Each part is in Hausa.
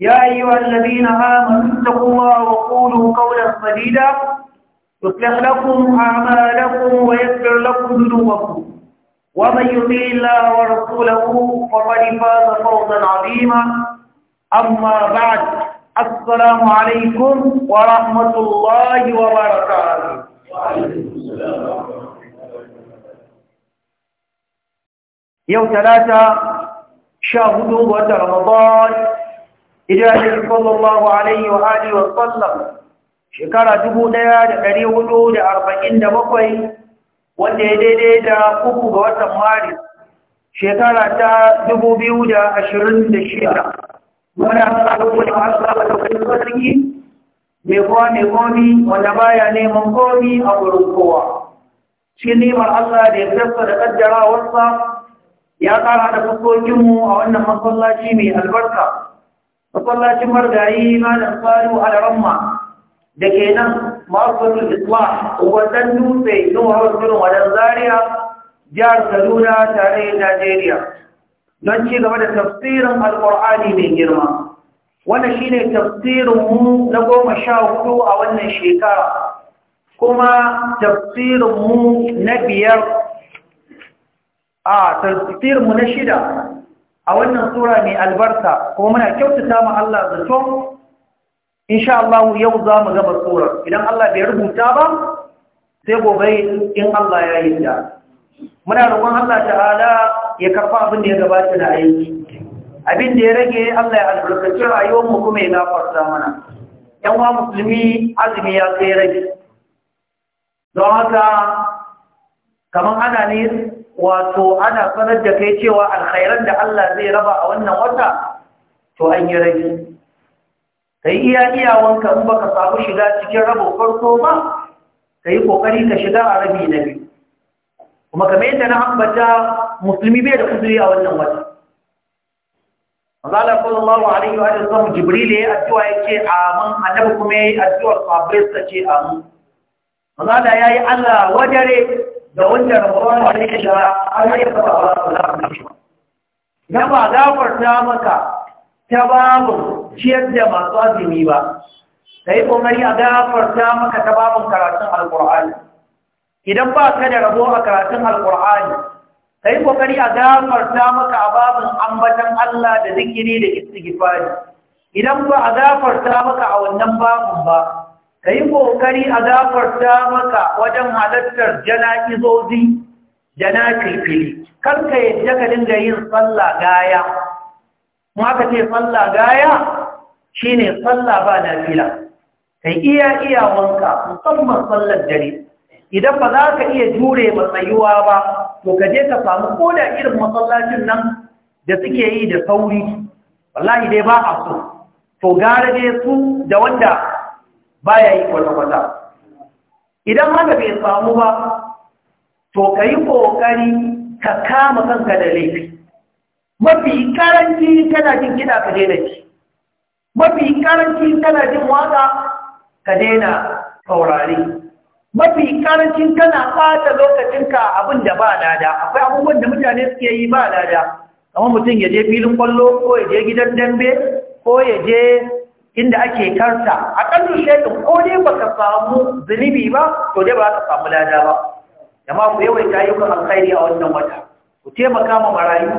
يا أيها الذين آمنوا اتقوا الله وقولوا قولا سديدا يصلح لكم أعمالكم ويغفر لكم ذنوبكم ومن يطع الله ورسوله فقد فاز فوزا عظيما أما بعد السلام عليكم ورحمة الله وبركاته وعليكم السلام ورحمة الله يوم ثلاثة شهدوا رمضان hijira da sallallahu alaihi wa alihi wa sallam shekara dubu ɗaya da dari hudu da arba'in da bakwai wanda ya daidai da uku ga watan maris shekara ta dubu biyu da ashirin da shida wani hankali da hankali da sarki mai kowa mai komi wanda baya neman komi a wurin kowa shi neman allah da ya fesa da ƙaddarawarsa ya ƙara da fuskokinmu a wannan masallaci mai albarka masallacin margayi da faru a ramma da ke nan ma'aikatu islah wadan dutse yin hawar turin wadan zaria jihar kaduna tare najeriya don ci gaba da tafsirin alkur'ani mai girma wannan shine tafsirin mu na goma sha hudu a wannan shekara kuma tafsirin na biyar a tafsirin na shida a wannan sura mai albarka kuma muna kyautata ma Allah zato insha Allah yau za mu gama surar idan Allah bai rubuta ba sai gobe in Allah ya yi da muna roƙon Allah ta'ala ya karfa abin da ya gabata da aiki abin da ya rage Allah ya albarkaci rayuwar mu kuma ya gafarta mana yan wa musulmi azumi ya kai rage don haka kamar ana ne wato ana sanar da kai cewa alkhairan da Allah zai raba a wannan wata to an yi rage kai iya iya wanka in baka samu shiga cikin rabo farko ba kai kokari ka shiga a rabi na biyu kuma kamar yadda na ambata musulmi bai da kuduri a wannan wata Allah sallallahu alaihi wa sallam Jibril ya addu'a yake amin annabi kuma yayi addu'ar sahabbai sace amin Allah yayi Allah wadare da wanda rabuwa da ya shiga a yi saba ba su za shi na ba gafarta maka ta babu ciyar da masu azumi ba ka yi ƙoƙari a gafarta maka ta babun karatun alƙur'ani idan ba ka da rabo a karatun alƙur'ani ka yi ƙoƙari a gafarta maka a babin ambatan Allah da zikiri da istighfari idan ba a gafarta maka a wannan babin ba ka yi ƙoƙari a gafarta maka wajen halattar jana'izozi da na filfili kar ka yadda ka dinga yin tsalla gaya ma ka ce tsalla gaya shi ne tsalla ba na fila ka iya iya wanka musamman tsallar jari idan ba za ka iya jure matsayuwa ba to ka je ka samu ko da irin masallacin nan da suke yi da sauri wallahi dai ba a so to gara ne su da wanda baya yi kwata-kwata idan haka bai samu ba to ka yi ƙoƙari ka kama kanka da laifi mafi karanci tana jin kiɗa ka daina ci mafi karanci tana jin waƙa ka daina saurari mafi karanci tana ɓata lokacinka abin da ba dada. akwai abubuwan da mutane suke yi ba dada. kamar mutum ya je filin kwallo ko ya je gidan dambe ko ya je inda ake karta a aƙallu shaidin ko dai ka samu zunubi ba to dai ba ka samu lada ba jama'a ku yawaita ayyukan alkhairi a wannan wata ku taimaka ma marayu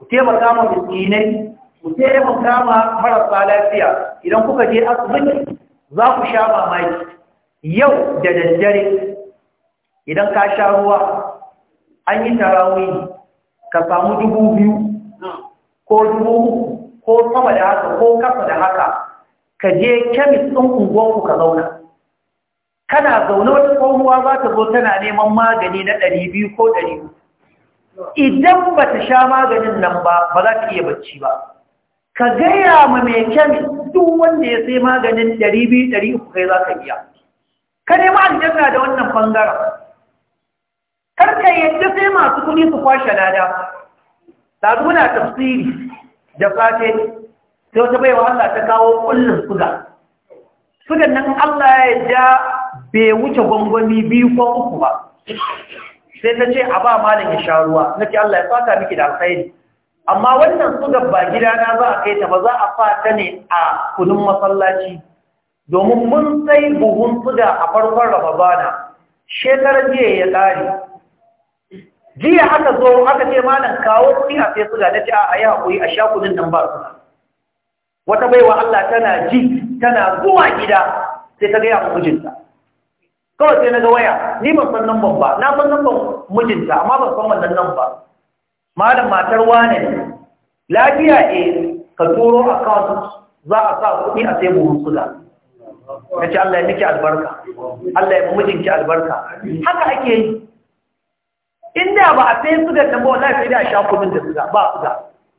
ku taimaka ma miskinai ku taimaka ma marasa lafiya idan kuka je asibiti za ku sha mamaki yau da daddare idan ka sha ruwa an yi tarawi ka samu dubu biyu ko dubu uku ko sama da haka ko kasa da haka ka je kemis ɗin unguwanku ka zauna kana zaune wata tsohuwa za ta zo tana neman magani na ɗari biyu ko ɗari idan ba ta sha maganin nan ba ba za ta iya bacci ba ka gaya ma mai kemis duk wanda ya sai maganin ɗari biyu ɗari uku kai za ka biya ka nema aljanna da wannan Kar ka yadda sai masu kuɗi su kwashe lada ta tafsiri da safe sai wata baiwa Allah ta kawo kullun suga sugan nan Allah ya ja bai wuce gwangwani biyu ko uku ba sai ta ce a ba malam ya sha ruwa nake Allah ya saka miki da alkhairi amma wannan suga ba gidana za a kai ta ba za a fata ne a kunun masallaci domin mun sai buhun suga a farkon rababana shekarar jiya ya tsari jiya aka zo aka ce malam kawo kuɗi a sai suga na ce a yi haƙuri a sha kuɗin nan ba suga wata baiwa Allah tana ji tana zuwa gida sai ta gaya mijinta kawai sai na ga waya ni ban san nan ba na san nan mijinta amma ban san wannan nan ba malam matar wane ne lafiya eh ka turo account za a sa kuɗi a sai buhun suga ya ce Allah ya miki albarka Allah ya mijinki albarka haka ake yi inda ba a sai suga nan ba wallahi sai da sha kuɗin da suga ba suga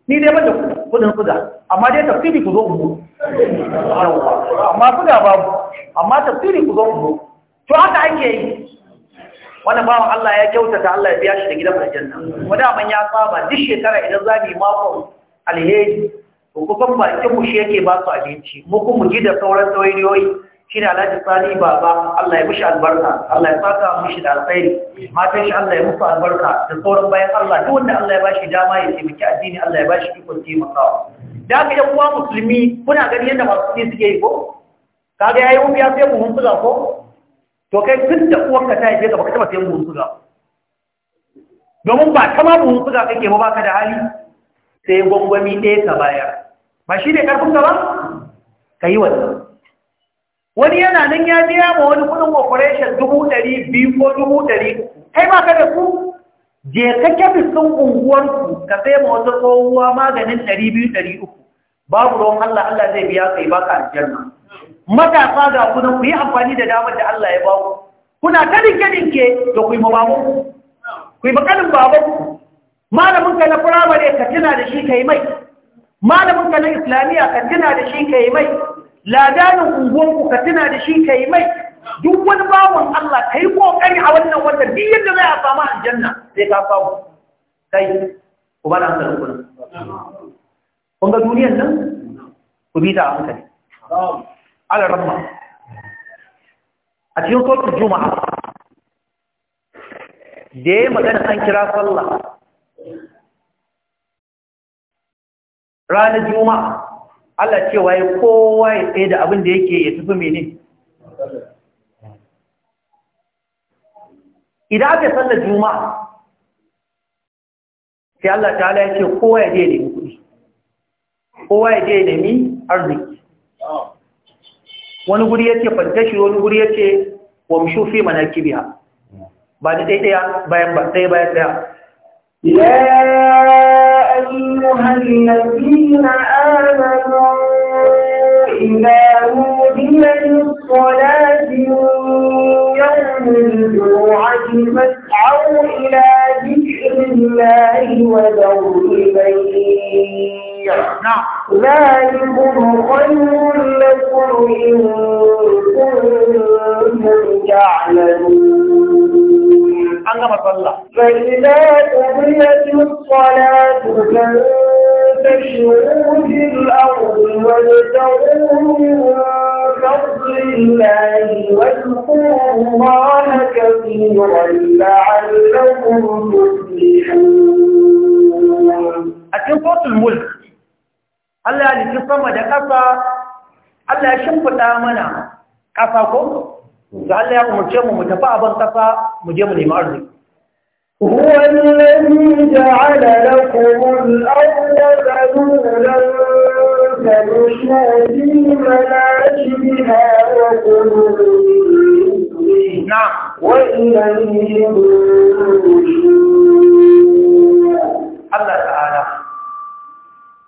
ni dai ban da kuɗi gudun kuda amma dai tafsiri ku zo ku amma kuda babu amma tafsiri ku zo mu to haka ake yi wannan bawan Allah ya kyautata Allah ya biya shi da gidan aljanna wanda man ya saba duk shekara idan za mu yi mako alheri kuma kusan bakin mu shi yake ba su abinci mu kuma ji da sauran tsawayoyi shi da alhaji sani baba Allah ya mushi albarka Allah ya saka mushi da alkhairi matan shi Allah ya mufa albarka da sauran bayan Allah duk wanda Allah ya bashi dama ya taimaki addini Allah ya bashi ikon taimakawa da ga yan uwa musulmi kuna gani yadda masu ne suke yi ko kaga yayi ubiya sai buhun suga ko to kai tun da ka ta haife ka baka taba sayan buhun suga domin ba ta ma buhun suga kake ba baka da hali sai gwangwami ɗaya ka bayar ba shi ne karfin ka ba ka yi wannan wani yana nan ya biya ma wani kudin operation dubu ɗari biyu ko dubu ɗari kai ba ka da ku je ka kyafi sun unguwarku ka sai ma wata tsohuwa maganin ɗari biyu ɗari uku babu ruwan Allah Allah zai biya ka yi baka aljanna matasa ga kunan ku yi amfani da damar da Allah ya baku kuna ta dinke dinke da ku yi ma babu ku yi bakalin babu malamin ka na firamare ka tuna da shi ka yi mai malamin ka na islamiyya ka tuna da shi ka yi mai ladanin unguwanku ka tuna da shi ka yi mai duk wani bawon Allah ka yi ƙoƙari a wannan wanda duk yadda zai a samu aljanna sai ka samu kai ku ba da hankali kuna kun ga duniyar nan ku bi ta a hankali ala ramma a cikin sautar juma'a da ya yi magana an kira sallah ranar juma'a Allah ce waye kowa ya tsaye da abin da yake ya tafi mene idan aka sallar juma'a sai Allah ta ya ce kowa ya je da nemi kudi, kowa ya je da nemi arziki wani guri ya ce fantashi wani guri ya ce mu fi mana kibiya. ba da ɗaiɗaya bayan ba sai bayan ɗaya Ya أيها الذين آمنوا إذا نودي للصلاة يوم الجمعة فاسعوا إلى ذكر الله وذروا البيع نعم. ذلكم خير لكم إن كنتم تعلمون فإذا قضيت الصلاة فانتشروا وانتشروا في الأرض وابتغوا من فضل الله واذكروا الله كثيرا لعلكم تفلحون أتين صوت الملك Allah ya nufi sama da ƙasa, Allah ya shimfiɗa mana ƙasa ko? Ga Allah ya umarce mu mu tafi abin ƙasa mu je mu nemi arziki. هو الذي جعل لكم الأرض ذلولا فمشى في مناكبها وكلوا Allah ta'ala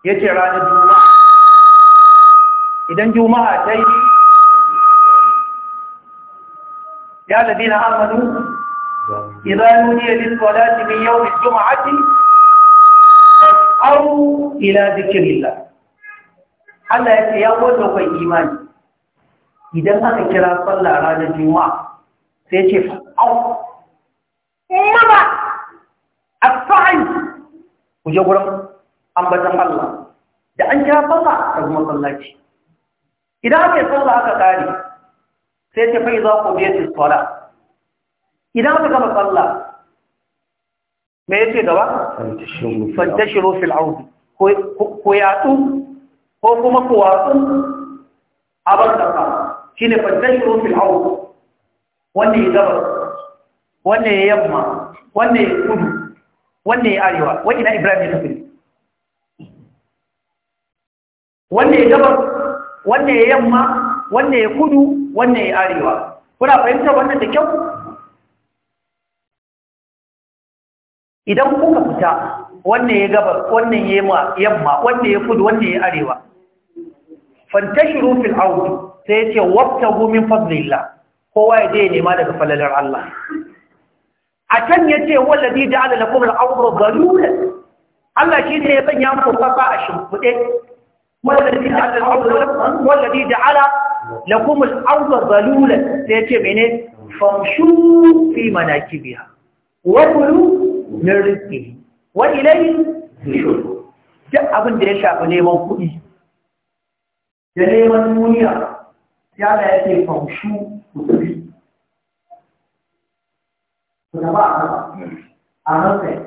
ya ce ranar juma'a idan juma'a ta yi ya da dina إذا نودي juma'a من يوم الجمعة أو إلى ذكر الله Allah ya ce ya wanda kwan imani idan aka kira sallah ranar juma'a sai ce fa'au mama asfa'i ku je gurin ambatan Allah da an kira sallah ta kuma sallaci idan aka yi sallah aka kare sai ce fa idza qudiyat as-salah idan aka gama tsalla, me yace gaba fantashiru fil audi ko yatsu ko kuma ko watsu a ban kasa shine fantashiru fil audi wannan ya gaba wannan ya yamma wannan ya kudu wannan ya arewa wani na ibrahim ya tafi wannan ya gaba wannan ya yamma wannan ya kudu wannan ya arewa kuna fahimtar wannan da kyau idan kuka fita wannan ya gaba, wannan ya yamma wannan ya kudu wannan ya arewa fantashiru fil ardi sai yace wabtahu min fadlillah kowa ya je nema daga falalar Allah a can yace wallazi ja'ala lakum al-ardha dhalulan Allah shi ne ya sanya muku kasa a shimfide wallazi ja'ala al-ardha wallazi ja'ala lakum al-ardha dhalulan sai yace mene famshu fi manakibiha wa kulu min rizqihi wa ilayhi nushur duk abin da ya shafi neman kuɗi da neman duniya ya da yake faushu kuɗi ku zama a hankali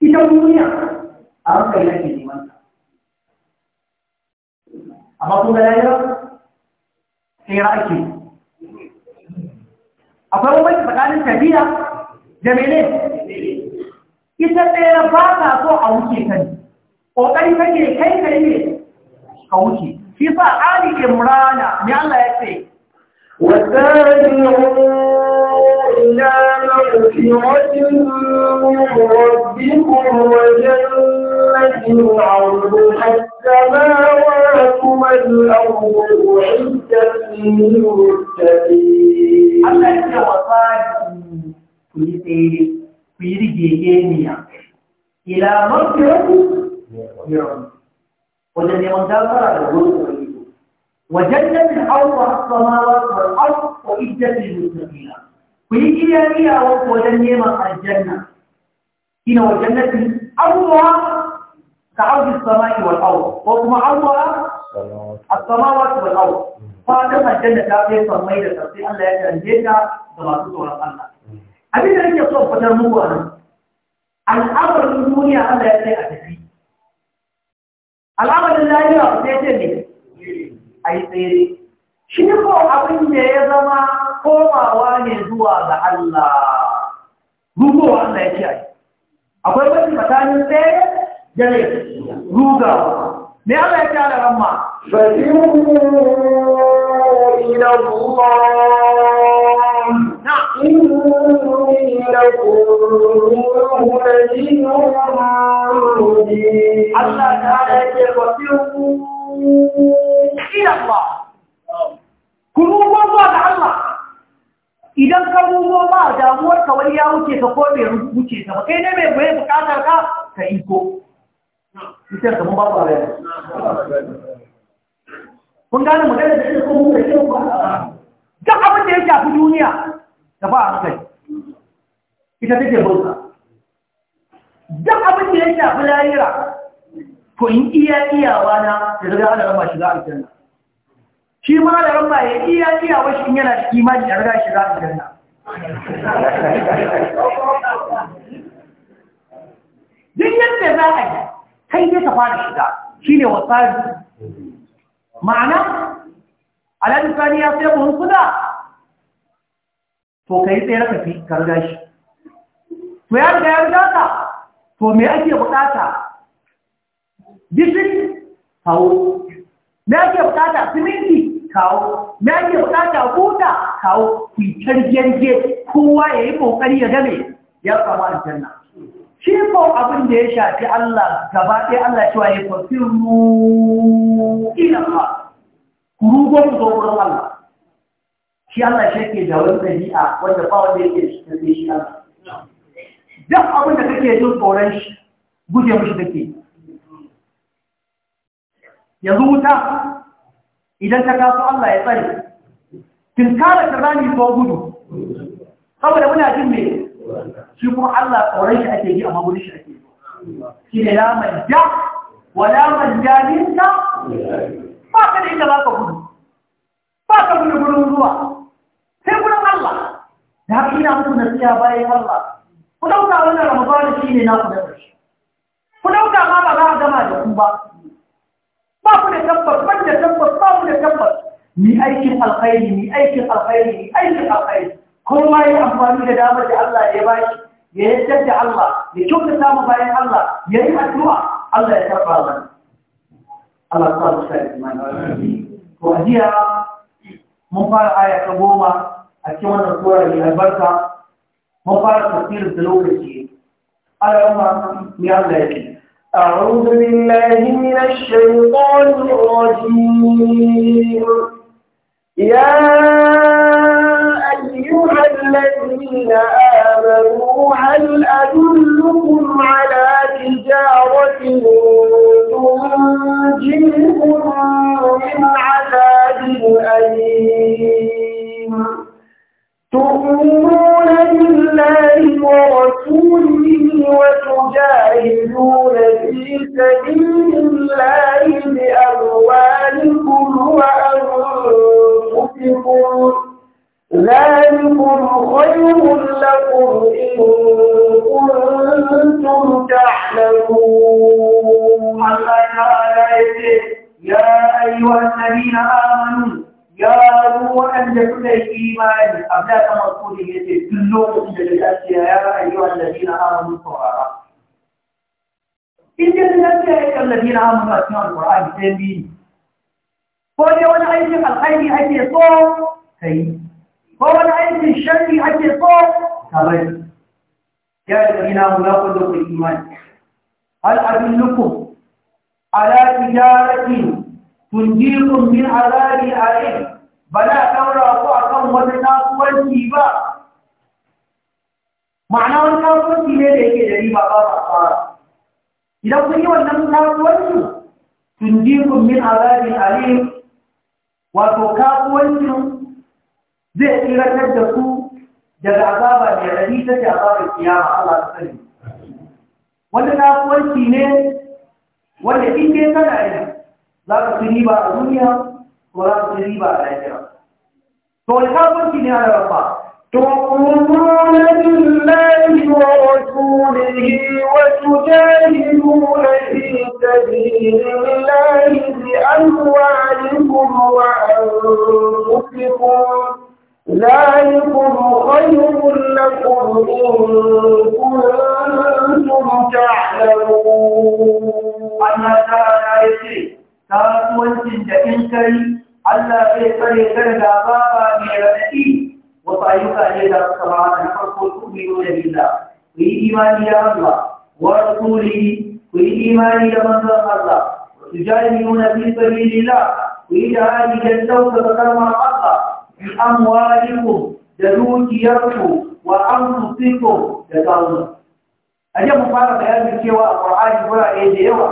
ita duniya a hankali yake neman ta amma kun ga lahira sai ra'aki akwai wani tsakanin tafiya da mene ita ɗaya ba ta so a wuce ka ne ƙoƙari kake kai kai ne ka wuce shi sa ali imrana ne Allah ya ce wasabi'u إلى مغفرة ku yi rigegeniya ila mafiyanku wajen وجنة أرض السماوات والأرض وإجة للمتقين ويجي لي أوك وجنة الجنة هنا وجنة أرضها كعرض السماء والأرض وكما أرضها السماوات والأرض فهذا الجنة تأتي سميدة تأتي أن لا يتنجيك كما تطور الله abin da nake so fitar muku a nan al'amarin duniya da ya ce a tafi al'amarin lafiya sai ce ne a yi tsere shi ko abin da ya zama komawa ne zuwa ga Allah rugowa da ya ce a yi akwai wasu matanin tsere da ne rugawa me Allah ya ce a da ramma fasiru ila Allah Allah ta yake wasu idan ka rubo ba damuwar ka wani ya wuce ka ko wuce ka ba kai ne mai bai bukatar ka ka iko mutar ka mun ba ba rai kun gane magana da shi ko mun kai ba duk abin da ya shafi duniya tafi a hankali ita take bauta duk abin da ya shafi layira. Ko in iya iyawa na da zaga ana rama shiga aljanna shi ma da rama ya iya iyawa shi yana da imani ya riga shiga aljanna duk yadda za a yi kai ne ka fara shiga shi ne wasari ma'ana Alhaji Sani ya sai kun kuda to ka yi tsere kafi fi karga shi to ya ga ya riga to me ake bukata gishin Hau? me ake bukata siminti kawo me ake bukata buta kawo ku yi je kowa ya yi kokari ya game ya samu aljanna shi ko abin da ya shafi Allah gaba ɗaya Allah cewa ya fafiru ila ba ku rugo ku zo wurin Allah shi Allah shi ke da wani ɗabi'a wanda ba wanda yake da sai shi Allah duk abin da kake jin tsoron shi guje mishi kake yanzu wuta idan ta kasu Allah ya tsare tinkara ta rami ko gudu saboda muna jin me shi kuma Allah tsoron shi ake yi amma gudun shi ake shi ne la manja wa la manjaninka ba ka da ita ba ka gudu ba ka gudu gurin zuwa da haka ina na siya bayan Allah ku dauka wannan Ramadan shi ne na ku da shi ku dauka ma ba za a gama da ku ba ba ku da tabbas ban da tabbas ba ku da tabbas ni aikin alkhairi ni aikin alkhairi ni aikin alkhairi Ko kuma yi amfani da damar da Allah ya ba shi ya yaddar da Allah ya kyautata samu bayan Allah ya yi addu'a Allah ya karɓa mana Allah ta sa mu sai imani ko ajiya mun fara aya ta goma a cikin wannan sura mai albarka mun fara tafsirin da lokaci ala umma ya Allah yake أعوذ بالله من الشيطان الرجيم يا أيها الذين آمنوا هل أدلكم على تجارة تنجيكم من عذاب أليم تؤمنون بالله ورسوله وتجاهدون في سبيل الله بأموالكم وأنفسكم ذلكم خير لكم إن كنتم تعلمون الله تعالى يا أيها الذين آمنوا قالوا أن كل الإيمان قبل تمركوله كلوا من الأسياء يا أيها الذين آمنوا القرآن إن كان الأسياء الذين آمنوا أسماء القرآن بسبيل قول يوم عيش الخير حتى يصوم كي قول عيش الشر حتى صوم كبير يا الذين آمنوا لا قلوا الإيمان هل أدلكم على تجارة tunjikun min azabi alim ba na daura ku akan wani kasuwanci ba ma'ana wani kasuwanci ne da yake da riba ba ba fara idan kun yi wannan kasuwanci tunjikun min azabi alim wato kasuwancin zai tsiratar da ku daga azaba mai rari ta ce azabar kiyama Allah ta sani Wani kasuwanci ne wanda in dai kana yi لا ka الدنيا ولا a الآخرة ko في ka fi تؤمنون بالله ورسوله وتجاهدون في سبيل الله بأموالكم وأنفسكم ذلكم خير لكم إن كنتم تعلمون أن تعالى يسير kasuwancin da in kai Allah zai tsare ka daga azaba mai raɗaɗi wasu ayyuka ne da su ba haka na farko su biyu da billah ku yi imani da Allah wa rasulihi ku yi imani da manzon Allah wa tujahiduna fi sabilillah ku yi jihadi da ɗaukaka kalmar Allah bi amwalikum da dukiyarku wa anfusikum da kawunan. Aje mu fara bayanin cewa a Qur'ani wurare da yawa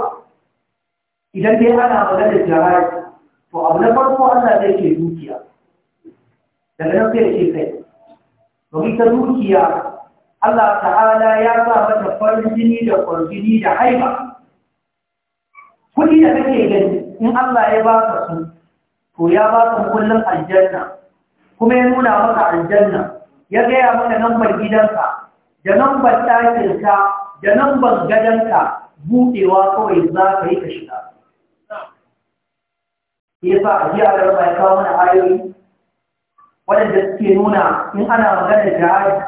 idan dai ana magana jihar to abu na farko Allah zai ke dukiya daga nan sai ce kai domin ta dukiya Allah ta'ala ya sa mata farin da kwarjini da haifa. kuɗi da kake gani in Allah ya ba ka su to ya ba ka kullum aljanna kuma ya nuna maka aljanna ya gaya maka nambar gidanka da nambar ɗakinka da nambar gadonka buɗewa kawai za ka yi ka shiga E, ba a jiya ya kawo mana ayoyi waɗanda suke nuna in ana magana jihadi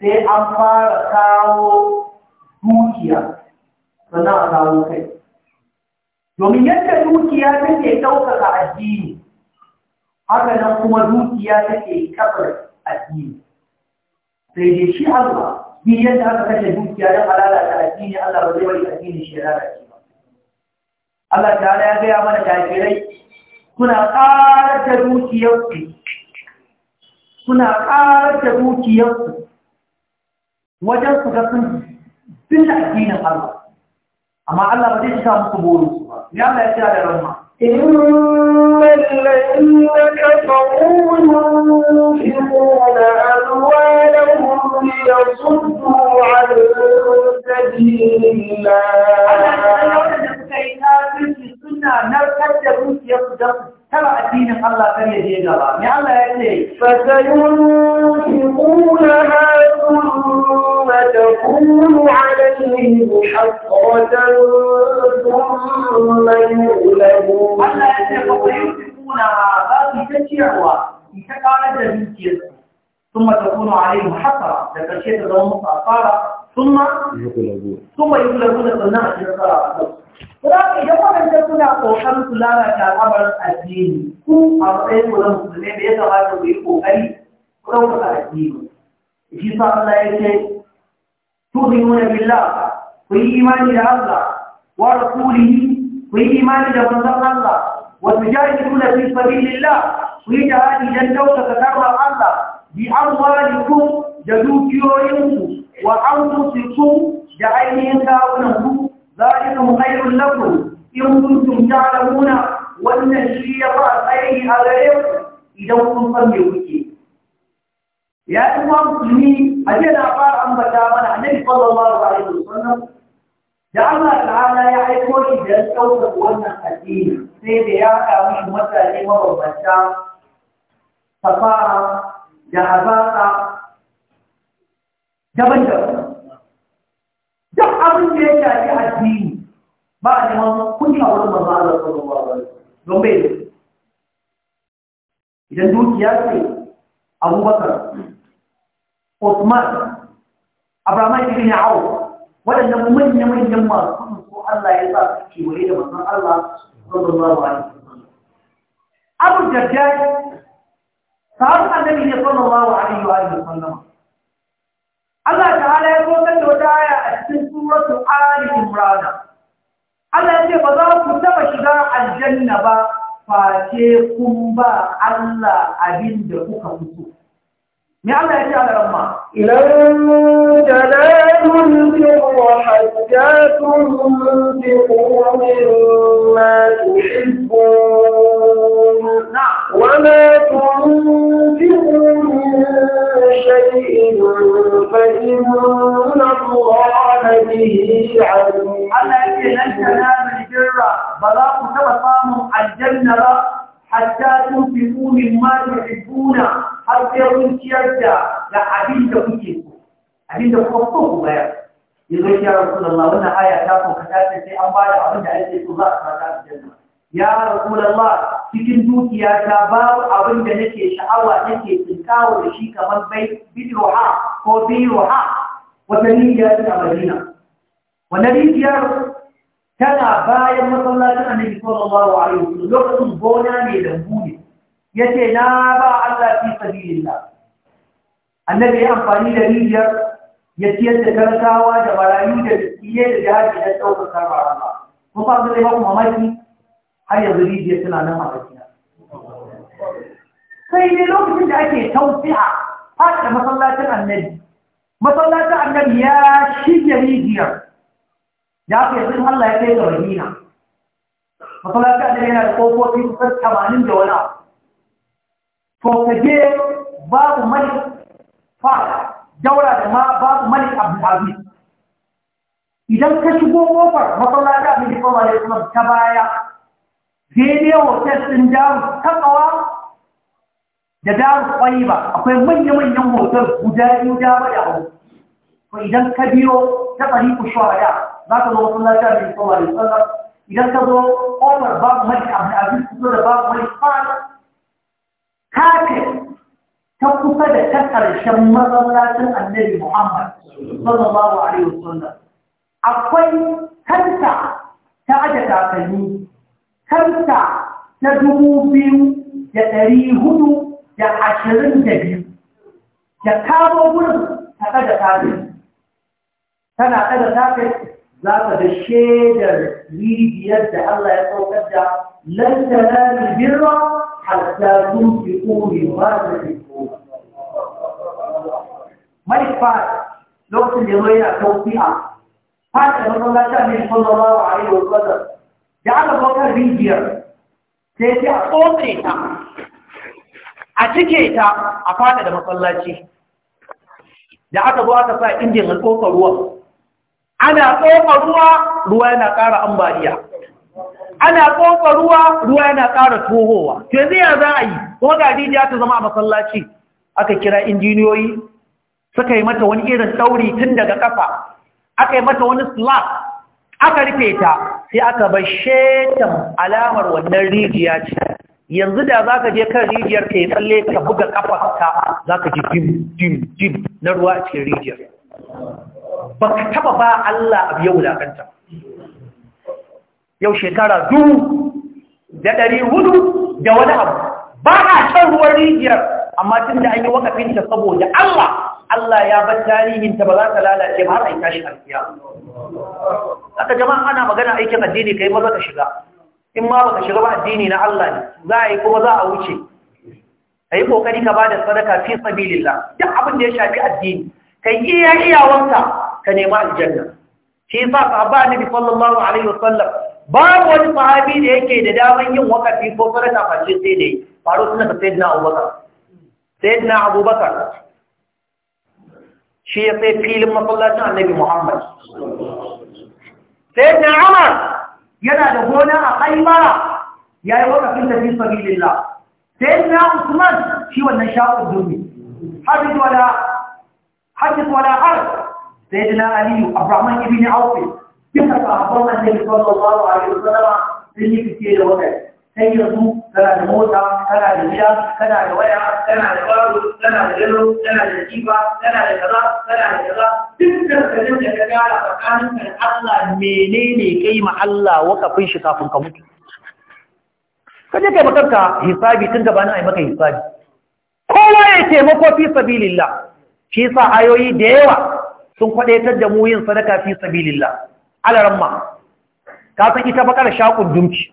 sai an fara kawo dukiya sannan a kawo kai domin yadda dukiya take ɗaukaka addini haka nan kuma dukiya take kafar addini sai dai shi Allah bi yadda aka kashe dukiya don alala ta addini Allah ba zai bari addini shi ya lalace ba Allah ta ya gaya mana kafirai kuna ƙarar da dukiyarku kuna ƙarar da dukiyarku wajen su ga sun bin addinin Allah amma Allah ba zai shiga musu boro su ba ya Allah ya kira da rahma إن الذين كفروا ينفقون أموالهم ليصدوا عن سبيل الله suka yi kafirci suna narkar da zuciyarsu don su taba addinin Allah kar ya je gaba. Me Allah ya ce, فَسَيُنْفِقُونَهَا ثُمَّ تَكُونُ عَلَيْهِمْ حَسْرَةً ثُمَّ يُغْلَبُونَ Allah ya ce, فَسَيُنْفِقُونَهَا za su ta ciyarwa, su ta ƙarar da zuciyarsu. ثم تكون عليهم حسرة ذكر شيء تزوم مصر ثم يغلبون ثم يغلبون الناس يغلبون Kuma idan waɗanda suna ƙoƙarin su lalata al'amarin addini, ku a matsayin ku na musulmi da ya kamata ku yi ƙoƙari ku ɗaukaka addini. Shi sa Allah ya ce, Tuhimuna billah, ku yi imani da Allah, wa rasulihi, ku yi imani da manzon Allah, wa tujahiduna fi sabilillah, ku yi jihadi dan ɗaukaka karmar Allah, bi an amwalikum da dukiyoyinku wa an anfusikum da ainihin kawunan ku ذلكم خير لكم إن كنتم تعلمون wannan shi ya ba tsayi a gare ku idan kun san me kuke ya yi kuma musulmi a ce da fara ambata mana annabi sallallahu alaihi wasallam da Allah ta'ala ya aiko shi da ɗaukar wannan addini sai da ya kawo mutane mabambanta safara da daban-daban abin da ya shafi addini ba a neman kunya wurin manzo Allah sallallahu alaihi wasallam don bai da idan dukiya ce Abubakar Uthman Abraham ibn Auf waɗannan manyan manyan masu ko Allah ya sa su kewaye da manzon Allah sallallahu alaihi wasallam Abu Dajjal sahabu annabi ne sallallahu alaihi wa sallam Allah ta'ala ya zo kan wata aya a cikin suratul Ali Imran Allah ya ce ba za ku taba shiga aljanna ba face kun ba Allah abin da kuka fito me Allah ya ce a ramma ilan jalalun tuwa hajjatun tuwa mimma tuhibbun wa ma tunfiqun شيء فإن الله به عليم Allah yake lan ba za ku taɓa samun aljanna ba hatta tunfiqu mimma tuhibbuna har sai kun da da kuke so abin kuka so ku wannan ta sai an bada abin da ake so za a samu يا رسول الله cikin dukiya ta babu abin da nake sha'awa nake tsinkawo da shi kamar bai bidroha ko biroha wata rijiya ta madina wannan rijiyar tana bayan masallacin annabi sallallahu alaihi wasallam lokacin gona ne lambu ne yace na ba Allah fi sabilillah annabi ya amfani da rijiyar ya ciyar da talakawa da marayu da tsiye da jihadi da ɗaukar sarrafa ba. Kuma ba zai ba har yanzu rijiyar tana nan a bakina sai dai lokacin da ake tausi'a da masallacin annabi masallacin annabi ya shirya rijiyar da aka yanzu Allah ya kai ga Madina masallacin annabi yana da kofofi kusan tamanin da wani abu to ka je babu malik fa daura da ma babu malik abu abi idan ka shigo kofar masallacin annabi sallallahu alaihi wasallam ta baya sai dai hotel ɗin daru takawa da daru kwayi ba akwai manya-manyan hotel guda biyu dama da hau to idan ka biyo ta tsari ku shawara za ka zo wasu lafiya mai tsawa da tsallar idan ka zo ƙofar babu mai abin fito da babu mai fara kafin ta kusa da ta ƙarshen masallacin annabi muhammad sallallahu alaihi wasallam akwai kanta ta aje takalmi tamta ta dubu biyu da ɗari hudu da ashirin da biyu da kamo wurin ta da tafi tana ɗaga tafi za ka da shaidar rijiyar da Allah ya saukar da lantana da birra hatta sun fi ƙuri ba da fi Malik Fahad lokacin da ya yana tausiya, fata na kwallon ta ne sallallahu alaihi wa sallam da aka zo rijiyar sai sai a tsotse ta a cike ta a fada da masallaci da aka zo aka sa injin a tsofa ruwa ana tsofa ruwa ruwa yana ƙara ambaliya ana tsofa ruwa ruwa yana ƙara tohowa to yanzu ya za a yi kuma da rijiya ta zama a matsalaci aka kira injiniyoyi suka yi mata wani irin ɗauri tun daga ƙafa aka yi mata wani slab aka rufe ta sai aka bar shetan alamar wannan rijiya ce yanzu da za ka je kan rijiyar ka yi tsalle ka buga kafarka za ka ji dim dim dim na ruwa a cikin rijiyar ba ka taba ba Allah abu ya wulakanta yau shekara dubu da ɗari hudu da wani abu ba a can ruwan rijiyar amma tun da an yi wakafin ta saboda Allah Allah ya bar tarihin ta ba za ta lalace ba har a tashi alkiya aka jama'a ana magana aikin addini kai maza ka shiga in ma baka shiga ba addini na Allah ne za a yi kuma za a wuce ka yi kokari ka bada sadaka fi sabilillah duk abin da ya shafi addini kai iya iyawanka ka nema aljanna shi yasa sahaba annabi sallallahu alaihi wasallam babu wani sahabi da yake da daman yin wakafi ko sadaka face sai dai faru suna ta sayyidina Abubakar sayyidina abubakar shi ya sai filin masallacin annabi muhammad sayyidina umar yana da gona a kaimara ya yi wakafin tafi sabilillah sayyidina usman shi wannan sha'ar dumi hadith wala hadith wala har sayyidina aliyu abrahman ibn awfi duka sahabban annabi sallallahu alaihi wasallam sun yi fice da wakafin kai yanzu kana da mota kana da gida kana da waya kana da baro kana da yalo kana da jiba kana da kaza kana da kaza duk da ka kanin da ka gara tsakanin ka Allah menene kai ma Allah wakafin shi kafin ka mutu ka je kai makanka hisabi tun gaba na ai maka hisabi kowa ya taimako fi sabilillah shi yasa ayoyi da yawa sun kwadaitar da mu yin sadaka fi sabilillah alaramma ka san ita bakar shaqul dumci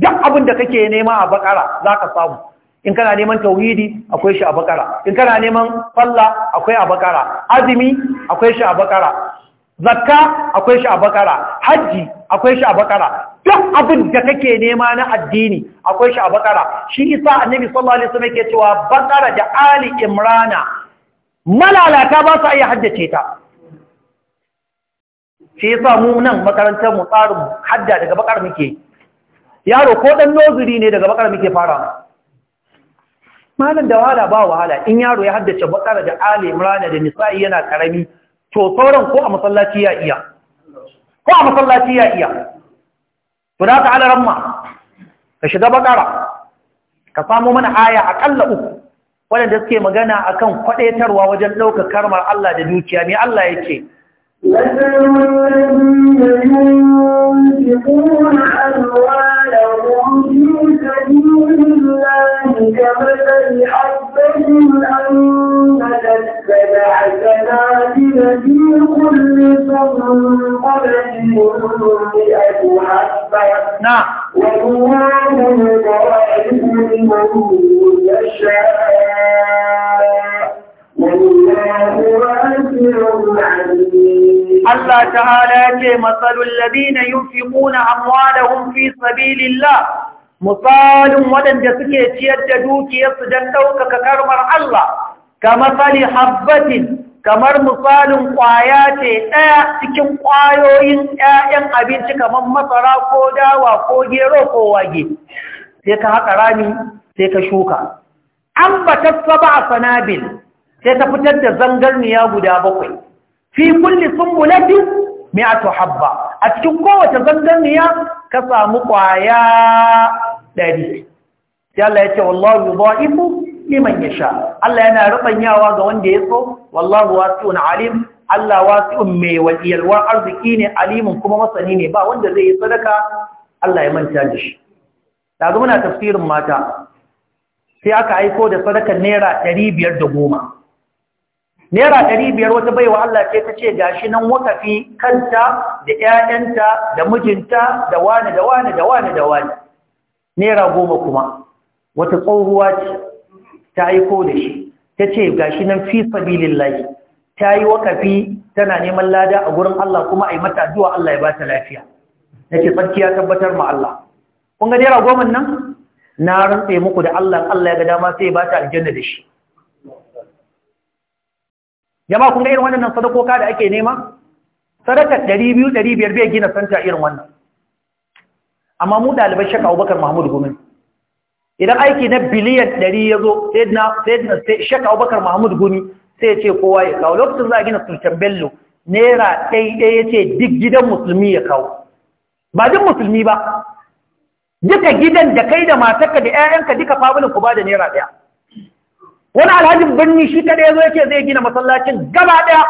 duk abin da kake nema a bakara za ka samu in kana neman tauhidi akwai shi a bakara in kana neman falla akwai a bakara azumi akwai shi a bakara zakka akwai shi a bakara hajji akwai shi a bakara duk abin da kake nema na addini akwai shi a bakara shi isa annabi sallallahu alaihi wasallam yake cewa bakara da ali imrana malalata ba su iya haddace ta shi yasa mu nan makarantar mu tsarin hadda daga bakar muke yaro ko dan nozuri ne daga bakara muke fara malam da wahala ba wahala in yaro ya haddace bakara da ali imran da nisa'i yana karami to sauran ko a masallaci ya iya ko a masallaci ya iya ka ramma ka shiga bakara ka samu mana aya akalla uku waɗanda suke magana akan kwaɗaitarwa wajen ɗaukar karmar Allah da dukiya ne Allah yake لَسَنَوَلَنَّ يُنْفِقُونَ أَمْوَالَهُمْ بالله كمثل حبة أنبتت سبع سنابل في كل سنبلة مئة حبة نعم والله يضاعف لمن يشاء تعالى ta'ala ce الذين ينفقون أموالهم في سبيل الله misalin waɗanda suke ciyar da dukiyarsu don ɗaukaka karmar Allah ga matsali habbatin kamar misalin ƙwaya ce ɗaya cikin ƙwayoyin ‘ya'yan abinci kamar masara ko dawa ko gero ko wage sai ka haƙa rami sai ka shuka an ba ta saba a sanabil sai ta fitar da zangarniya guda bakwai fi kulli sumbulatin mai a habba a cikin kowace zangarniya ka samu ƙwaya ɗari sai Allah ya ce wallahu ifu. liman yasha Allah yana rubanyawa ga wanda ya so wallahu wasi'un alim Allah wasi'un mai waliyalwa arziki ne alimin kuma masani ne ba wanda zai yi sadaka Allah ya manta da shi daga muna tafsirin mata sai aka aiko da sadakar naira ɗari biyar da goma naira ɗari biyar wata baiwa Allah ce ta ce shi nan wakafi kanta da 'ya'yanta da mijinta da wani da wani da wani da wani naira goma kuma wata tsohuwa ce ta aiko da shi ta ce gashi nan fi sabilillahi ta yi wakafi tana neman lada a gurin Allah kuma a yi mata addu'a Allah ya ba ta lafiya nake tsarki ya tabbatar ma Allah kun ga naira goma nan na rantse muku da Allah Allah ya ga dama sai ya ba ta aljanna da shi jama'a kun ga irin wannan sadakoka da ake nema sadakar 200 500 bai gina santa irin wannan amma mu ɗalibai shaka abubakar mahmud gumin idan aiki na biliyan ɗari ya zo sai shaka abubakar mahmud gumi sai ce kowa ya kawo lokacin za a gina sultan bello naira ɗaiɗai ya ce duk gidan musulmi ya kawo ba duk musulmi ba duka gidan da kai da matarka da 'ya'yanka duka fabulin ku ba da naira ɗaya wani alhajin birni shi kada ya zo ya ce zai gina masallacin gaba ɗaya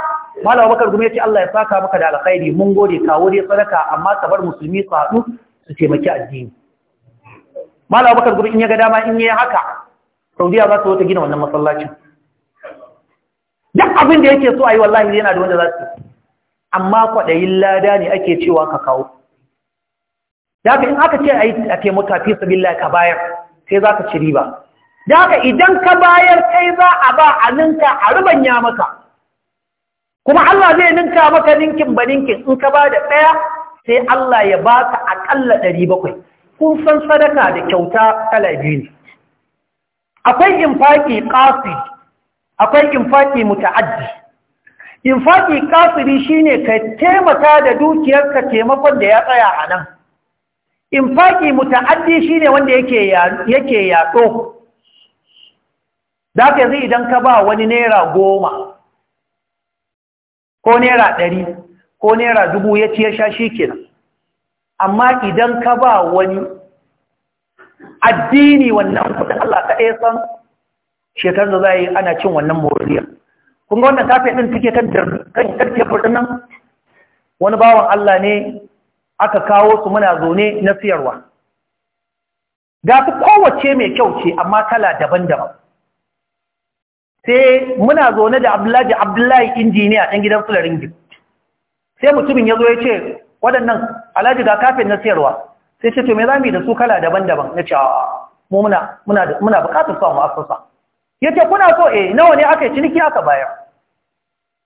malam Abubakar gumi ya ce Allah ya saka maka da alkhairi mun gode kawo dai sadaka amma ka bar musulmi su haɗu su taimaki addini malam bakar gudu in ya ga dama in yi haka saudiya za su wata gina wannan masallacin duk abin da yake so a yi wallahi yana da wanda za su amma kwaɗayin lada ne ake cewa ka kawo da haka in aka ce a yi a taimaka fi billa ka bayar sai za ka ci riba da haka idan ka bayar kai za a ba a ninka a rubanya maka kuma Allah zai ninka maka ninkin ba ninkin in ka ba da ɗaya sai Allah ya ba ka aƙalla ɗari bakwai kun san sadaka da kyauta kala biyu ne akwai infaki ƙafi akwai infaki muta'addi infaki ƙafiri ne ka taimaka da dukiyarka taimakon da ya tsaya a nan infaki muta'addi ne wanda yake yaɗo za ka yanzu idan ka ba wani naira goma ko naira ɗari ko naira dubu ya ci ya sha shi kenan amma idan ka ba wani addini wannan kudin Allah ta ɗaya san shekaru da za yi ana cin wannan moriya kun ga wannan kafin ɗin take kan karfe nan wani bawan Allah ne aka kawo su muna zaune na siyarwa ga fi kowace mai kyau ce amma kala daban-daban sai muna zaune da abdullahi abdullahi injiniya ɗan gidan fularin gida sai mutumin ya zo ya ce waɗannan alhaji ga kafin na sayarwa sai ce to me za mu yi da su kala daban-daban na ce mu muna muna buƙatar su a ya ce kuna so eh nawa ne aka yi ciniki aka bayar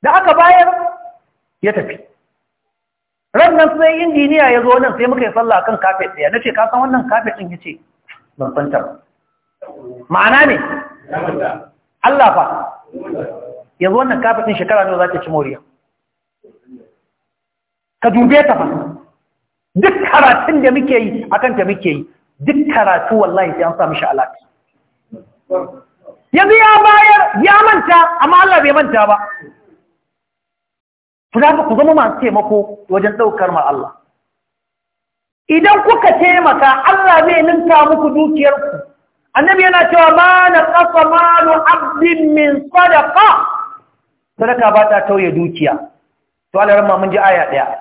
da aka bayar ya tafi rannan sai injiniya ya zo nan sai muka yi sallah kan kafet ɗaya na ce ka san wannan kafet ɗin ya ce ban fanta ma'ana ne Allah fa yanzu wannan kafet ɗin shekara ne za ta ci moriya ka dube ta ba duk karatun da muke yi akan ta muke yi duk karatu wallahi sai an sa mishi alaƙi yanzu ya bayar ya manta amma Allah bai manta ba ku za ku zama masu taimako wajen ɗaukar ma Allah idan kuka taimaka Allah zai ninka muku dukiyarku annabi yana cewa ma na ƙasa malu abdin min sadaka sadaka ba ta tauye dukiya to Allah ramma mun ji aya ɗaya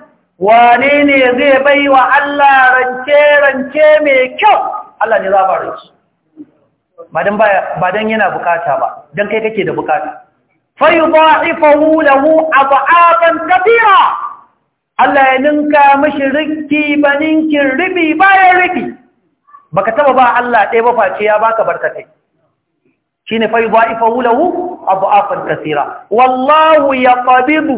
wane ne zai bai wa Allah rance-rance mai kyau Allah ne za ba rance ba don yana bukata ba don kai kake da bukata fayu ba ifahu lahu a ba'aban tafiya Allah ya ninka mashi rikki ba ninkin ribi bayan ribi baka taba ba Allah ɗaya ba face ya baka barkatai shi ne fayu ba ifahu lahu a ba'aban tafiya wallahu ya ƙabibu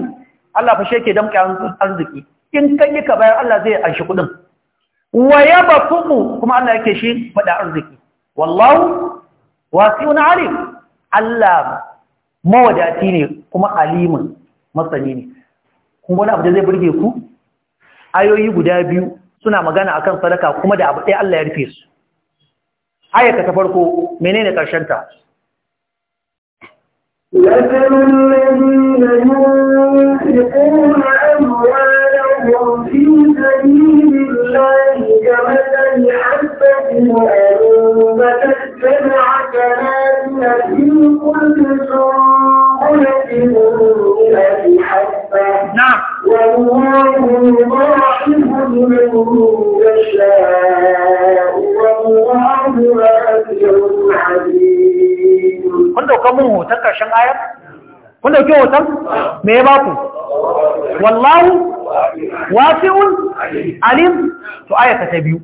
Allah fashe ke damƙe arziki in kan yi ka bayar Allah zai anshi kuɗin wa ya ba kuma Allah yake shi faɗa arziki wallahu wasi'un alim Allah mawadati ne kuma alimin masani ne kun wani abu da zai burge ku ayoyi guda biyu suna magana akan sadaka kuma da abu ɗaya Allah ya rufe su ayaka ta farko menene karshen ta أَيُّهَا الَّذِينَ يُنْفِقُونَ الذين آمنوا فتتبعك نازل في كل سنبلة مئة حبة نعم والله مضاعف لمن يشاء والله واسع عليم. كنت كم هو تكشن آية؟ kun dauke hoton me ya baku wallahu wasi'un alim to ayata ta biyu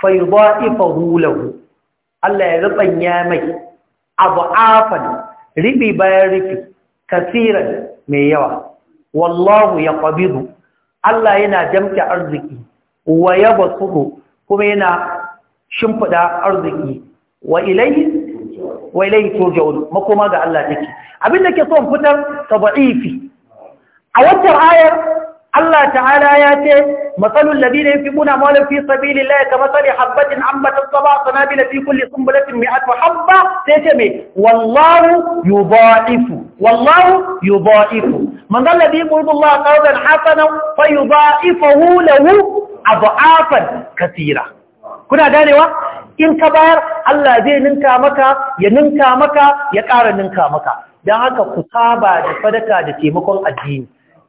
fa ifa hulahu. Allah ya rubanya mai abu afan ribi bayan ribi kasiran mai yawa wallahu ya ƙabidu Allah yana jamke arziki wa ya kuma yana shimfiɗa arziki wa ilai wa ilai turja'un makoma ga Allah take abin da ke son fitar ta a wata ayar Allah ta'ala ya ce matsalul ladina yunfiquna mawlan fi sabilillahi kamathali habatin ambatat sab'a sanabila fi kulli sunbulatin mi'atu habba sai ce me wallahu yudha'ifu wallahu yudha'ifu man dhal ladhi yuridu Allah qawlan hasanan fayudha'ifuhu lahu adha'afan katira kuna ganewa in ka bayar Allah zai ninka maka ya ninka maka ya ƙara ninka maka don haka ku saba da sadaka da taimakon addini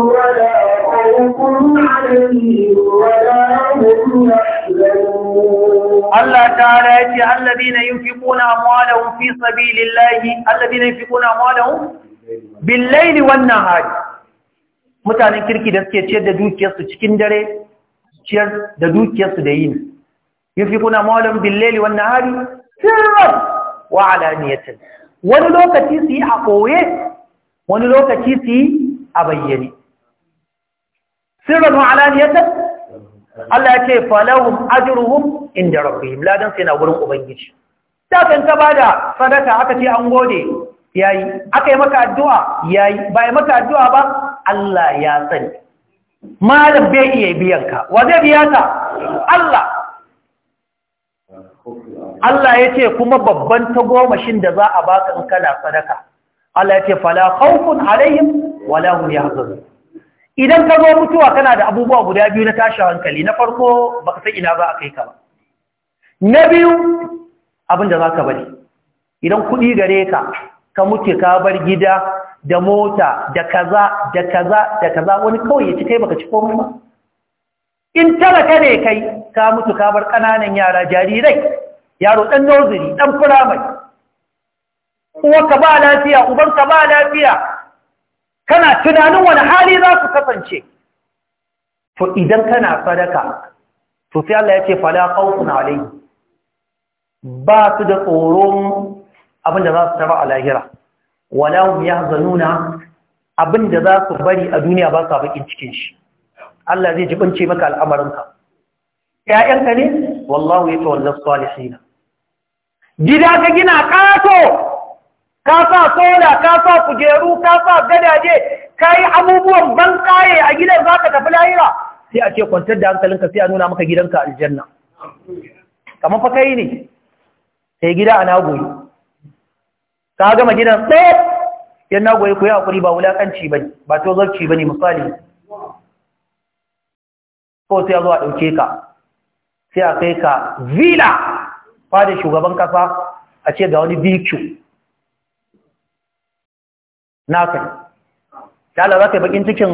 ولا خوف عليهم ولا هم يحزنون الله تعالى الذين ينفقون أموالهم في سبيل الله الذين ينفقون أموالهم بالليل والنهار mutanen kirki da suke ciyar da dukiyarsu cikin dare ciyar da dukiyarsu da yini ينفقون أموالهم بالليل والنهار سرا وعلانية wani lokaci su yi a koye wani lokaci su yi a bayyane sirran wa alaniyatan Allah ya ce falahum ajruhum inda rabbihim ladan sai na gurin ubangiji ta ba da sadaka aka ce an gode yayi aka yi maka addu'a yayi ba yi maka addu'a ba Allah ya sani malam bai iya biyan ka wa zai biya ka Allah Allah ya ce kuma babban tagomashin da za a baka in kana sadaka Allah ya ce fala khawfun alaihim wala ya yahzanun idan ka zo mutuwa kana da abubuwa guda biyu na tashi hankali na farko baka san ina za a kai ka ba na biyu abin da za ka bari idan kuɗi gare ka ka muke ka bar gida da mota da kaza da kaza da kaza wani kawai ya ci kai baka ci komai ba in talaka ne kai ka mutu ka bar ƙananan yara jarirai yaro ɗan noziri ɗan firamai uwarka ba lafiya ubanka ba lafiya kana tunanin wani hali za su kasance to idan kana sadaka to sai Allah ya ce fala alayhi ba su da tsoron abinda za su tara a lahira wala hum yahzanuna abinda za su bari a duniya ba su bakin cikin shi Allah zai jibince maka al'amarinka ƴaƴanka ne wallahu yatawallas salihin gida ka gina kato ka sa sola ka sa kujeru ka sa gadaje ka yi abubuwan ban kaye a gidan za ka tafi lahira sai a ce kwantar da hankalinka sai a nuna maka gidanka aljanna Kama fa kai ne sai gida a nagoyi ka gama gidan tsaye yan nagoyi ku yi hakuri ba wulakanci ba ba tozarci ba ne misali ko sai a zo a ɗauke ka sai a kai ka vila fada shugaban kasa a ce ga wani bq naka tala za ka yi bakin cikin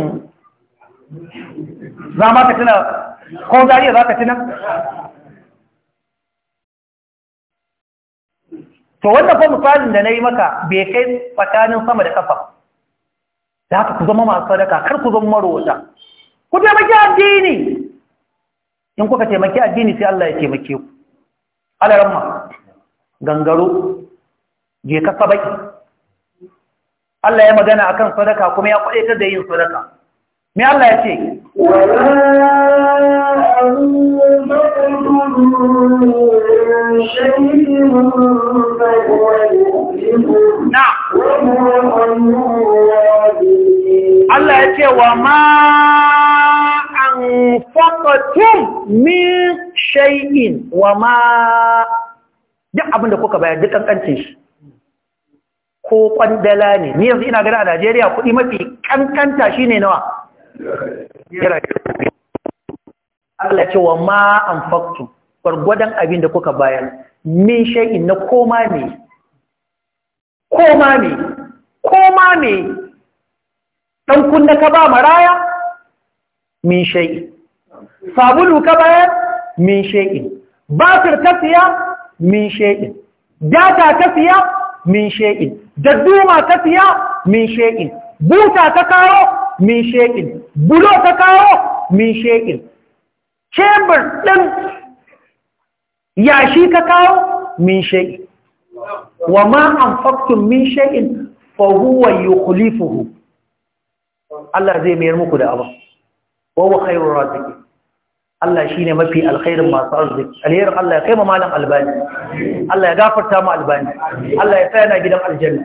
za ma ka tuna ko zariya za ka tuna to wanda fa misalin da na yi maka bai kai tsakanin sama da kafa za ka ku zama masu sadaka kar ku zama marowata ku taimaki addini in kuka taimaki addini sai Allah ya taimake ku alaramma gangaro je ka sabai Allah ya magana a kan sadaka kuma ya kwaɗe da yin sadaka me Allah ya ce na Allah ya ce wa ma an faƙatun min shay'in wa ma duk abinda kuka bayar duk ƙanƙancin shi ko kwandala ne ni yanzu ina gani a Najeriya kuɗi mafi kankanta shine nawa Allah ce wa ma anfaqtu gwargwadon abin da kuka bayar min shay'in na koma ne koma ne koma ne dan kunna ka ba maraya min shay'in sabulu ka bayar min shay'in batir ka siya min shay'in data ka siya min shekin dadduma ta siya min shekin buta ta kawo min shekin bulo ta kawo min shekin cebur ɗin yashi ka kawo min shekin wa ma anfaqtum min shekin fa huwa yukhlifuhu Allah zai mayar muku da abu wa huwa khairur raziqin Allah shi ne mafi alkhairin masu arziki alherin Allah ya kai ma malam albani Allah ya gafarta ma albani Allah ya tsaya na gidan aljanna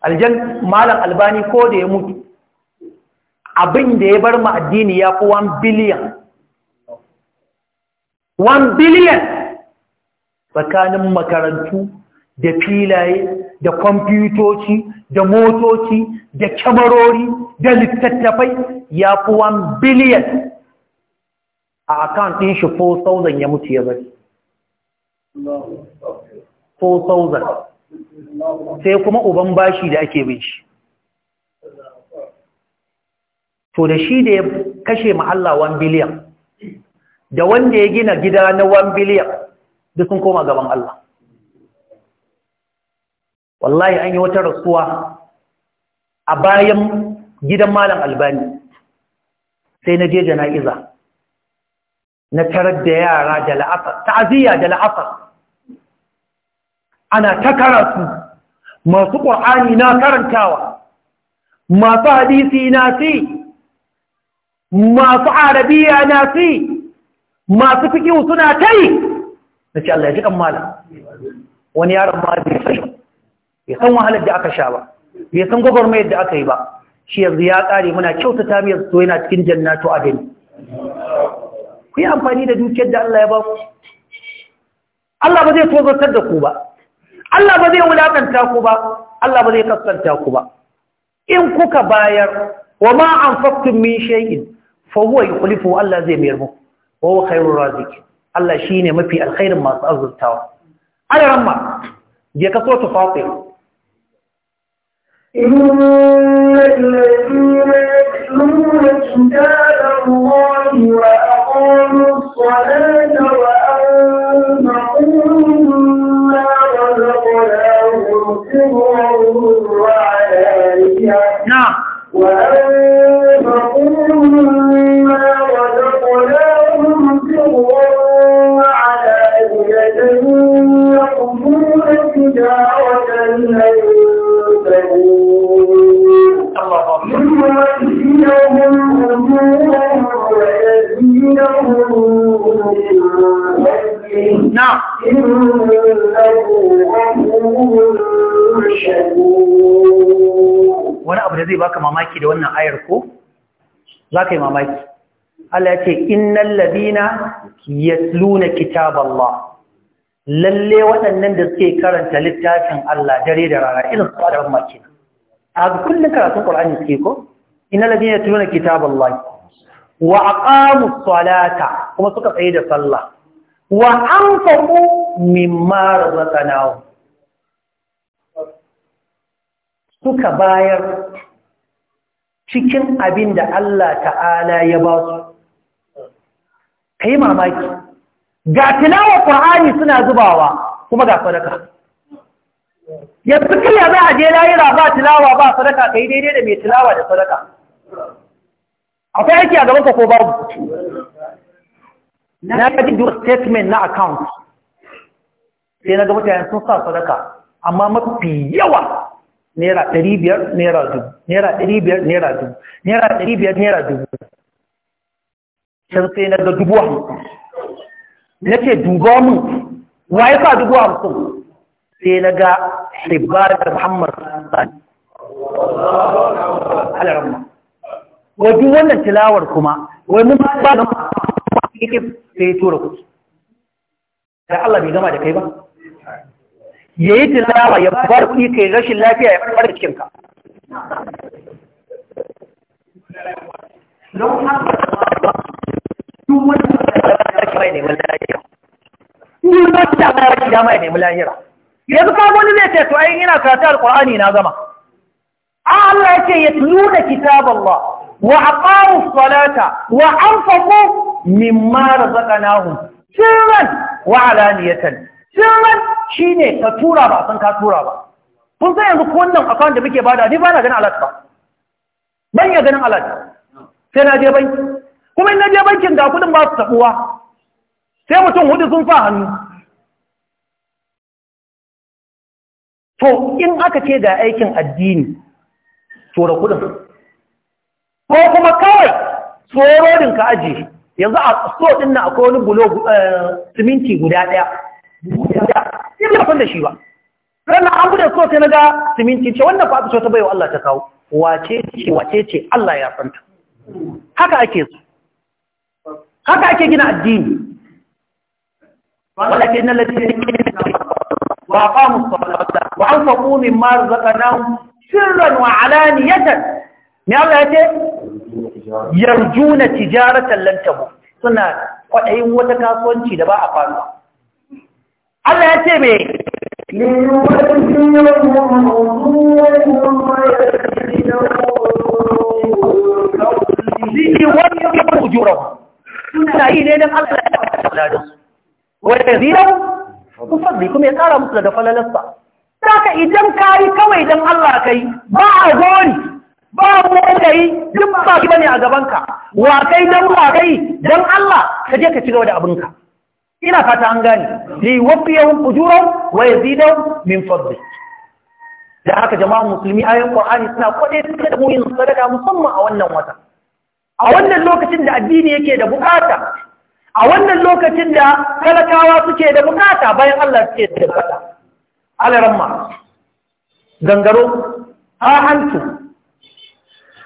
aljan malam albani ko da ya mutu abin da ya bar ma addini ya fi 1 biliyan 1 biliyan tsakanin makarantu da filaye da kwamfutoci da motoci da kyamarori da littattafai ya fi 1 biliyan a account din shi 4000 ya mutu ya bari 4000 sai kuma uban bashi da ake bin shi to da shi da ya kashe ma Allah 1 biliyan da wanda ya gina gida na 1 biliyan duk sun koma gaban Allah wallahi an yi wata rasuwa a bayan gidan malam albani sai na je jana'iza na tarar da yara da la'afar ta'aziyya da la'afar ana ta karatu masu ƙwa'ani na karantawa masu hadisi na fi masu arabiya na fi masu fikiyu suna ta yi na ce Allah ya ji wani yaron ma bai sai ya san wahalar da aka sha ba bai san gwagwarmayar da aka yi ba shi yanzu ya ƙare muna kyautata mai yanzu yana cikin jannatu adini ku yi amfani da dukiyar da Allah ya ba ku Allah ba zai tozartar da ku ba Allah ba zai wulakanta ku ba Allah ba zai kaskanta ku ba in kuka bayar wa ma anfaqtum min shay'in fa huwa yukhlifu Allah zai mayar muku wa huwa khairur raziqin Allah shi ne mafi alkhairin masu azurtawa ayaran ma je ka so ta fatir إن الذين يتلون كتاب الله وأقاموا أقاموا الصلاة نعم wani abu da zai baka mamaki da wannan ayar ko za ka yi mamaki Allah ya ce innal ladina yasluna kitaballah lalle waɗannan da suke karanta littafin Allah dare da rana irin su da mamaki a kullun karatun Qur'ani suke ko innal ladina yasluna kitaballah wa aqamu salata kuma suka tsaye da sallah wa anfaqu mimma razaqnahu suka bayar cikin abin da Allah ta'ala ya ba su kai mamaki ga tilawa qur'ani suna zubawa kuma ga sadaka yanzu kiyaye za a je layira ba tilawa ba sadaka kai daidai da mai tilawa da sadaka akwai aiki a gabanka ko babu na ji duk statement na account sai na ga mutane sun sa sadaka amma mafi yawa naira 500 naira dubu naira 500 naira dubu naira 500 naira dubu can sai na ga dubu hamsin na ce duba mu waye sa dubu hamsin sai na ga shibar da muhammad sani wai duk wannan tilawar kuma wai mun ba da yake sai tura kuɗi da Allah bai gama da kai ba yayi tilawa ya bar kuɗi kai rashin lafiya ya bar cikin ka duk wannan da kai ne wallahi ni ba ta ne yanzu ka wani zai ce to ai ina karatu alqur'ani na zama. Allah ya ce ya nuna da kitab Allah wa aqamu salata wa anfaqu mimma razaqnahum sirran wa alaniyatan sirran shine ka tura ba san ka tura ba kun san yanzu ko wannan akawun da muke bada ni ba na ganin alat ba ban ya ganin alat sai na je banki kuma in na je bankin ga kudin ba su tabuwa sai mutum hudu sun sa hannu to in aka ce ga aikin addini tura kudin ko kuma kawai tsororin ka aji yanzu a so din na akwai wani bulo eh, siminti guda ɗaya sai da san da shi ba ranar an bude so sai na ga siminti ce wannan fa'a so ta baiwa Allah ta kawo wace ce wace ce Allah ya santa haka ake su haka ake gina addini Ba ke Wa ولكن min وأقاموا الصلاة وأنفقوا مما رزقناهم سرا وعلانية Allah ya ce? yarjuna tijaratan lan tabu suna kwaɗayin wata kasuwanci da ba a faruwa Allah ya ce me ليوفيهم أجورهم suna yi ne don Allah ya kula da su wanda zira ku fadli kuma ya tsara musu daga falalarsa saka idan kayi kawai don Allah kai ba a gori ba mu da yi duk ba ki bane a gabanka wa kai dan wa kai dan Allah ka je ka ci gaba da abinka ina fata an gane li wafiyahum ujurahum wa yazidahum min fadli da haka jama'a musulmi a'yan Qur'ani suna kwade suka da mu sadaka musamman a wannan wata a wannan lokacin da addini yake da bukata a wannan lokacin da talakawa suke da bukata bayan Allah suke da bukata alaramma gangaro ha hantu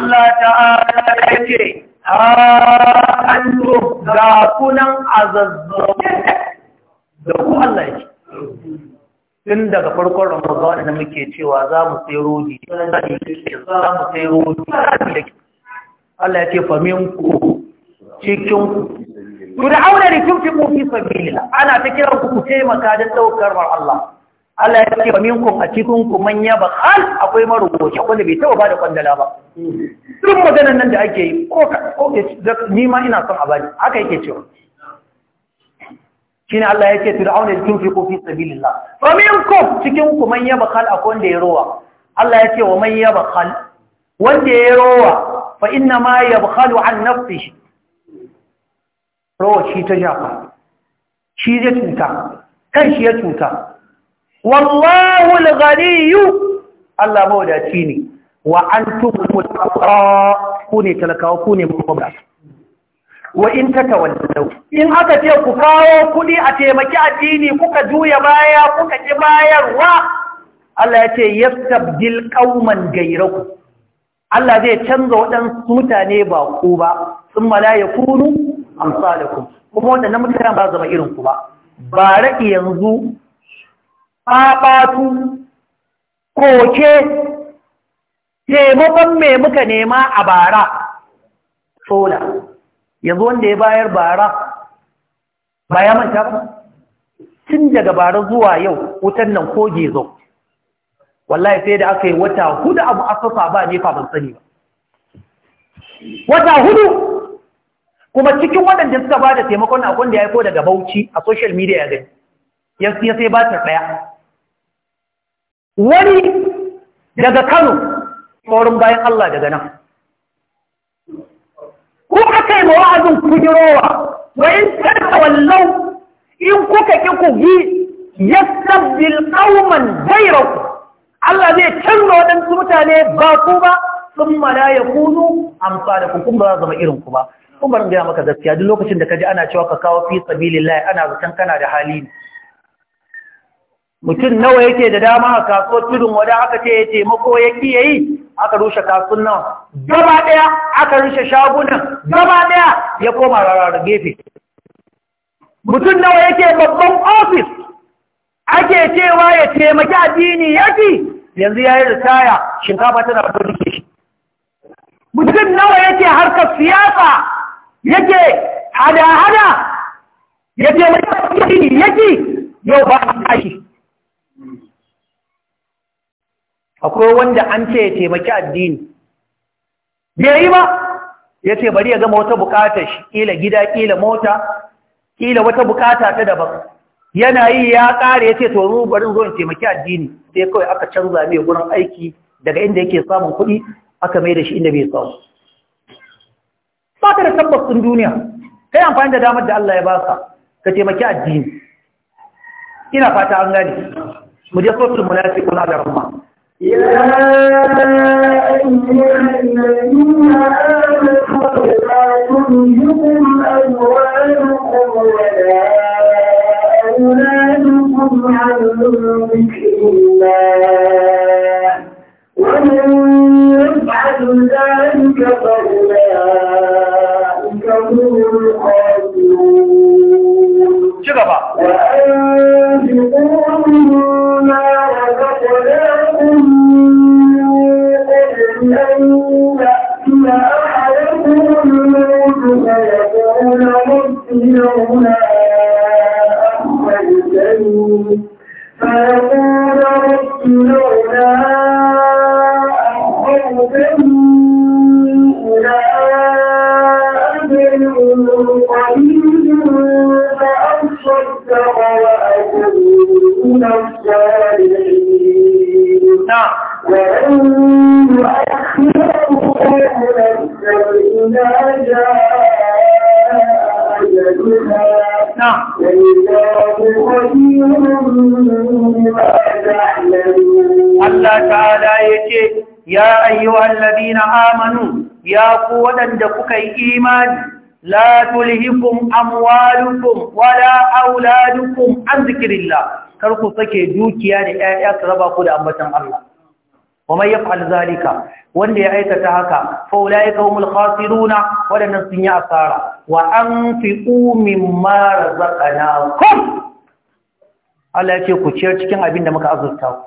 Allah ta'ala yake ha antum ga kunan azazzabe da ku Allah ce, tun daga farkon Ramadan da muke cewa za mu sai rodi za mu sai rodi Allah ce, famin ku cikin ku Fir'auna da kyautin mafi fi ana ta kiran ku ku taimaka don daukar Allah Allah ya ce minkum a cikin ku manya ya bakhal akwai marubuci wanda bai taba bada kwandala ba duk maganar nan da ake yi ko ko ni ma ina son a bani haka yake cewa shine Allah ya ce fir'auna tunfiqu fi sabilillah fa minkum cikin ku manya ya bakhal akwai wanda ya rowa Allah ya ce wa manya ya bakhal wanda ya rowa fa inna ma yabkhalu an nafsihi rowa shi ta jafa shi zai cuta kan shi ya cuta wallahu al-ghaniyyu Allah mawadaci ne wa antum al-fuqara ku ne talakawa ku ne mabukata wa in ta tatawallu in aka ce ku kawo kudi a taimaki addini kuka juya baya kuka ki bayarwa Allah ya ce yastabdil qauman gairaku. Allah zai canza waɗansu mutane ba ku ba sun malaya kunu amsalakum kuma waɗannan mutane ba zama irin ku ba ba ra'i yanzu faɓatu koke taimakon mai muka nema a bara sola yanzu wanda ya bayar bara ba ya manta ba tun daga bara zuwa yau wutan nan ko zo wallahi sai da aka yi wata hudu abu asasa ba fa ban sani ba wata hudu kuma cikin waɗanda suka ba da taimakon akwai da ya ko daga bauchi a social media ya gani ya sai ba ta ɗaya wani daga Kano tsoron bayan Allah daga nan ko aka yi wa'azin kujirowa wa in tarka in kuka ki ku bi yastabdil qauman ghayrakum Allah zai canza waɗansu mutane ba ku ba sun mara ya kunu amsa ku kun ba zama irin ku ba kuma rin gaya maka gaskiya duk lokacin da ka ji ana cewa ka kawo fi sabilillah ana zaton kana da hali ne mutum nawa yake da dama a kasuwar tudun wada aka ce ya taimako ya kiye yi aka rushe kasun nan gaba ɗaya aka rushe shagunan gaba ɗaya ya koma rarraba gefe mutum nawa yake babban ofis ake cewa ya taimaki addini fi yanzu ya yi ritaya shinkafa tana burge shi mutum nawa yake harkar siyasa yake hada-hada ya taimaki addini fi yau ba a kashi akwai wanda an ce ya taimaki addini bai yi ba ya ce bari ya gama wata bukatar shi ƙila gida ƙila mota ƙila wata bukata ta daban yana yi ya ƙara ya ce to zo bari zo in taimaki addini sai kawai aka canza mai gurin aiki daga inda yake samun kuɗi aka mai da shi inda bai samu ba ka da tabbas ɗin duniya kai amfani da damar da Allah ya baka ka taimaki addini ina fata an gane mu je munafi kuna da ramma. يا أيها الذين آمنوا لا تلهكم أموالكم ولا أولادكم عن ذكر الله ومن يفعل ذلك فأولئك هم الخاسرون وأنفقوا لولا أخرجتني فيقول رب لولا أخرجتني إلى أجل قريب فأصدق وأكون من الصالحين نعم. وإن Allah ta'ala ya ce, Ya ayyuwan na amanu, ya ku waɗanda kuka yi imani, la tulhikum amwalukum wala auladukum an kar ku sake dukiya da ‘ya’ya su raba ku da ambatan Allah. ومن يفعل ذلك وان يأيت هكا فأولئك هم الخاسرون ولن نسني أسارا وأنفقوا مما رزقناكم Allah ya ce ku ciyar cikin abin da muka azurta ku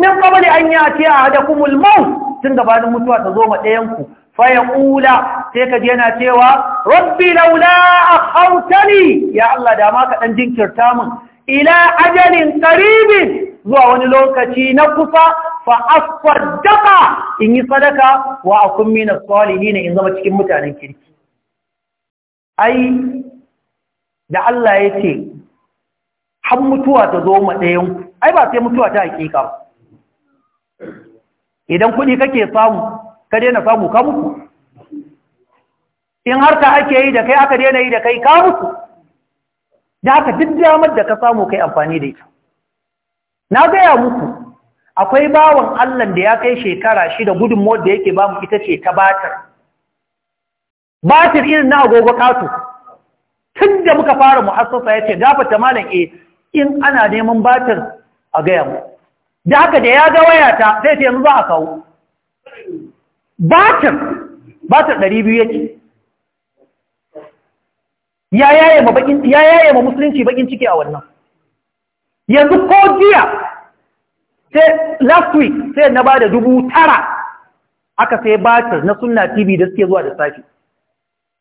min qabli an yati kumul maut tun gabanin mutuwa ta zo ma ɗayan ku Faya yaqula sai ka yana cewa rabbi laula akhartani ya Allah da ma ka dan jinkirta min ila ajalin qaribin zuwa wani lokaci na kusa fa asaddaqa in yi sadaka wa a akun min as-salihin in zama cikin mutanen kirki ai da Allah ya ce, har mutuwa ta zo ma ɗayan ai ba sai mutuwa ta hakika idan kuɗi kake samu ka daina samu ka mutu in harka ake yi da kai aka daina yi da kai ka mutu da haka duk damar da ka samu kai amfani da ita na gaya muku akwai bawan Allah da ya kai shekara shida gudunmuwar da yake bamu ita ce ta batir batir irin na agogo Kato. tun da muka fara muhassasa ya ce gafata malam e in ana neman batir a gaya mu da haka da ya ga wayata zai ce yanzu za a kawo batir batir ɗari biyu yake ya yaye ma musulunci bakin ciki a wannan yanzu ko jiya sai last week sai na ba da dubu tara aka sai batir na sunna tv da suke zuwa da safi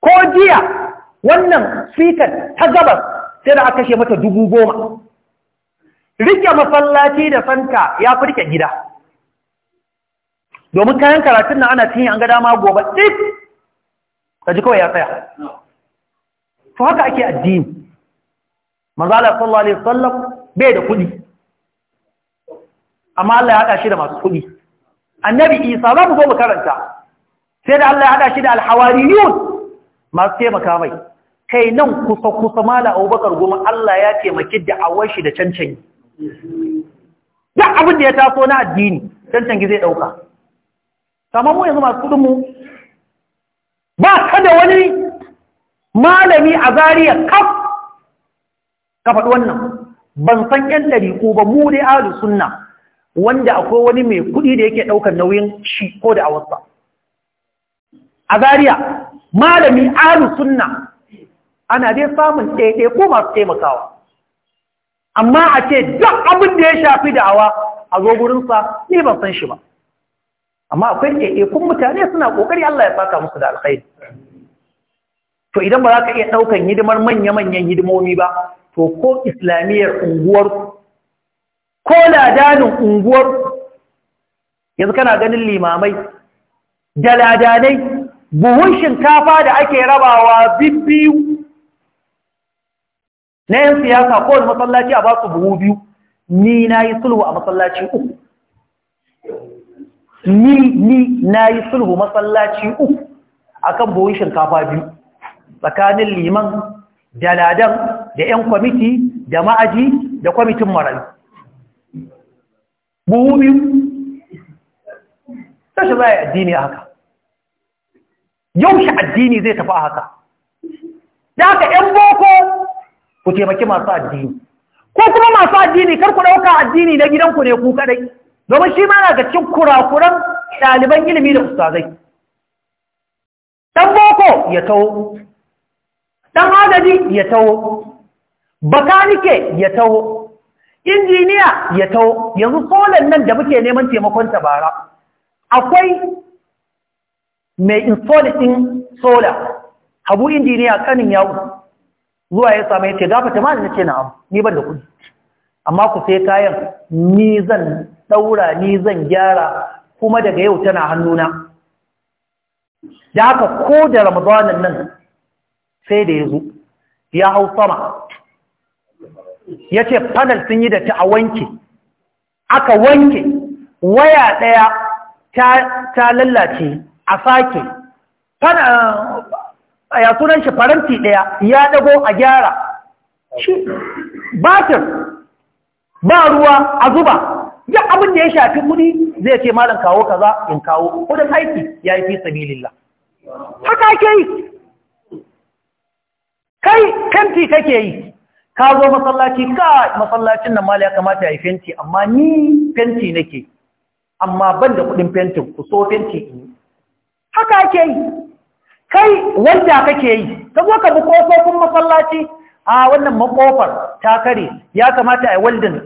ko jiya wannan fitar ta gabas sai da aka kashe mata dubu goma rike masallaci da fanta ya fi rike gida domin kayan karatun nan ana cinye an ga dama gobe ɗin ka ji kawai ya tsaya to haka ake addini manzala sallallahu alaihi wasallam bai da kuɗi amma Allah ya haɗa shi da masu kuɗi annabi isa za mu zo mu karanta sai da Allah ya haɗa shi da Alhawari Yun masu taimaka mai kai nan kusa kusa mala abubakar goma Allah ya taimaki da awashi shi da cancanci duk abin da ya taso na addini cancanci zai ɗauka saman mu yanzu masu kudinmu ba ka da wani malami a zariya kaf ka faɗi wannan ban san 'yan ɗariƙo ba mu dai sunna wanda akwai wani mai kuɗi da yake ɗaukar nauyin shi ko da awarsa a zariya malami alu sunna ana dai samun ɗaiɗe ko masu taimakawa amma a ce duk abin da ya shafi da'awa a zo gurinsa ne ban san shi ba amma akwai kun mutane suna ƙoƙari Allah ya saka musu da alkhairi to idan ba za ka iya ɗaukar hidimar manya-manyan hidimomi ba to ko islamiyyar unguwarku ko ladanin unguwar yanzu kana ganin limamai da ladanai buhun shinkafa da ake rabawa bibbiyu na yan siyasa ko wani matsalaci a basu buhu biyu ni na yi sulhu a matsalaci uku ni ni na yi sulhu matsalaci uku akan buhun shinkafa biyu tsakanin liman da ladan da 'yan kwamiti da ma'aji da kwamitin marayu buhu biyu tashi za a addini a haka shi addini zai tafi a haka da ka 'yan boko ku taimaki masu addini ko kuma masu addini kar ku ɗauka addini na gidanku ne ku kaɗai domin shi ma ga cikin kurakuran ɗaliban ilimi da ustazai ɗan boko ya taho ɗan adadi ya taho bakanike ya taho injiniya ya tawo yanzu solar nan da muke neman taimakon bara akwai mai insolitin in solar habu injiniya kanin yawon zuwa ya samu ya ce gafa ta na ce na'am ni ban da kudi amma ku sai kayan ni zan daura ni zan gyara kuma daga yau tana hannuna da haka ko da ramadanan nan sai da ya zo ya hau sama ya ce panel sun yi da ta a wanke aka wanke waya ɗaya ta lallace a sake eh, ya sunan shi faranti ɗaya ya ɗago a gyara batir ba ruwa a zuba ya abin da ya shafi kudi zai ce malam kawo kaza in kawo kudin aiki ya yi fi sabilillah haka ke yi kai kanti kake yi ka zo masallaci ka masallacin nan mali ya kamata ya yi fenti amma ni fenti nake amma ban da kuɗin fentin ku so fenti ne haka ke yi kai wanda kake yi ka zo ka bi kofofin masallaci a wannan makofar ta kare ya kamata a yi waldin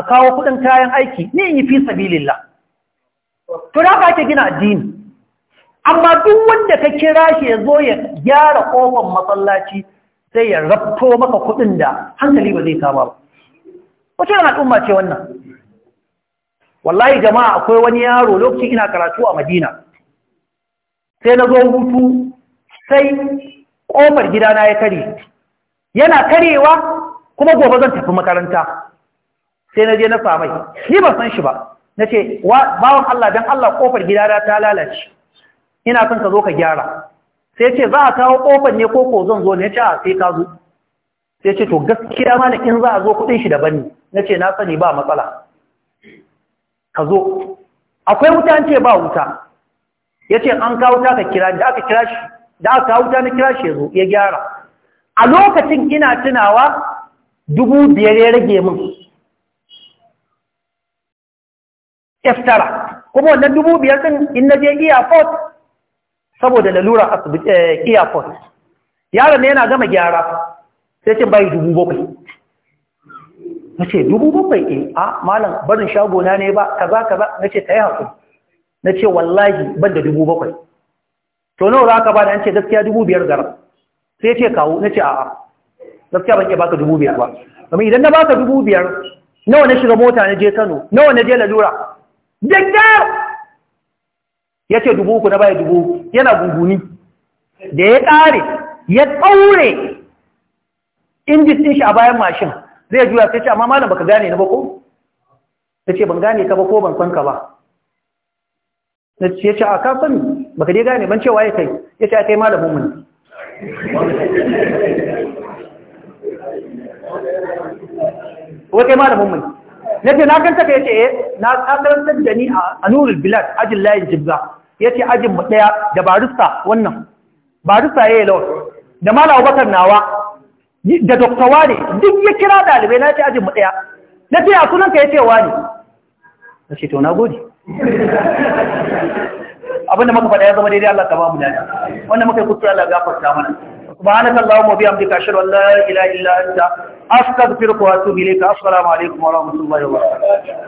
a kawo kuɗin kayan aiki ni in yi fi sabilillah to da ke gina addini amma duk wanda ka kira shi ya zo ya gyara kofar masallaci sai ya rabto maka kuɗin da hankali ba zai kama ba wace yana al'umma ce wannan wallahi jama'a akwai wani yaro lokacin ina karatu a madina sai na zo hutu sai ƙofar gidana ya kare yana karewa kuma gobe zan tafi makaranta sai na je na samai ni ba san shi ba na ce bawan Allah don Allah ƙofar gidana ta lalace ina son ka zo ka gyara sai ce za a kawo kofar ne ko ko zan zo ne ce a sai ka zo sai ce to gaskiya ma in za a zo kudin shi daban ne na ce na sani ba matsala ka zo akwai wuta ce ba wuta ya ce an kawo wuta ka kira da aka kira shi da aka kawo wuta na kira shi ya zo ya gyara a lokacin ina tunawa dubu biyar ya rage min iftara kuma wannan dubu biyar din in na je fort saboda lalura asibiti eh, airport yaron yana gama gyara sai ce bai dubu bakwai na ce dubu bakwai e a malam barin shagona ne ba kaza kaza na ce ta yi haƙuri na ce wallahi ban da dubu bakwai to nawa za ka ba da an ce gaskiya dubu biyar gara sai ce kawo na ce a'a gaskiya ban ke baka dubu biyar ba domin idan na baka dubu biyar nawa na shiga mota na je kano nawa na je lalura daga ya ce dubu uku na baya dubu yana gunguni da ya ƙare ya ɗaure injin sun shi a bayan mashin zai juya sai ce amma malam baka gane na ba ko ta ce ban gane ka ba ko ban kwanka ba na ce ce a ka sani baka dai gane ban cewa ya kai ya ce a kai malamin mu wai kai malamin mu na ce na kanta ka ya ce eh, na karantar da ni a nurul bilad ajin layin jibga ya ce ajinmu ɗaya da barista wannan barista ya yi lawan da mala abubakar nawa da doktawa ne duk ya kira ɗalibai na ce ajinmu ɗaya na ce a sunanka ya ce wa ne na ce to na gode abinda muka faɗa ya zama daidai Allah ta ba mu dadi wanda muka yi kuskure Allah gafarta mana subhanaka allahumma wa bihamdika ashhadu an la ilaha illa anta astaghfiruka wa atubu ilayka assalamu alaikum wa rahmatullahi wa barakatuh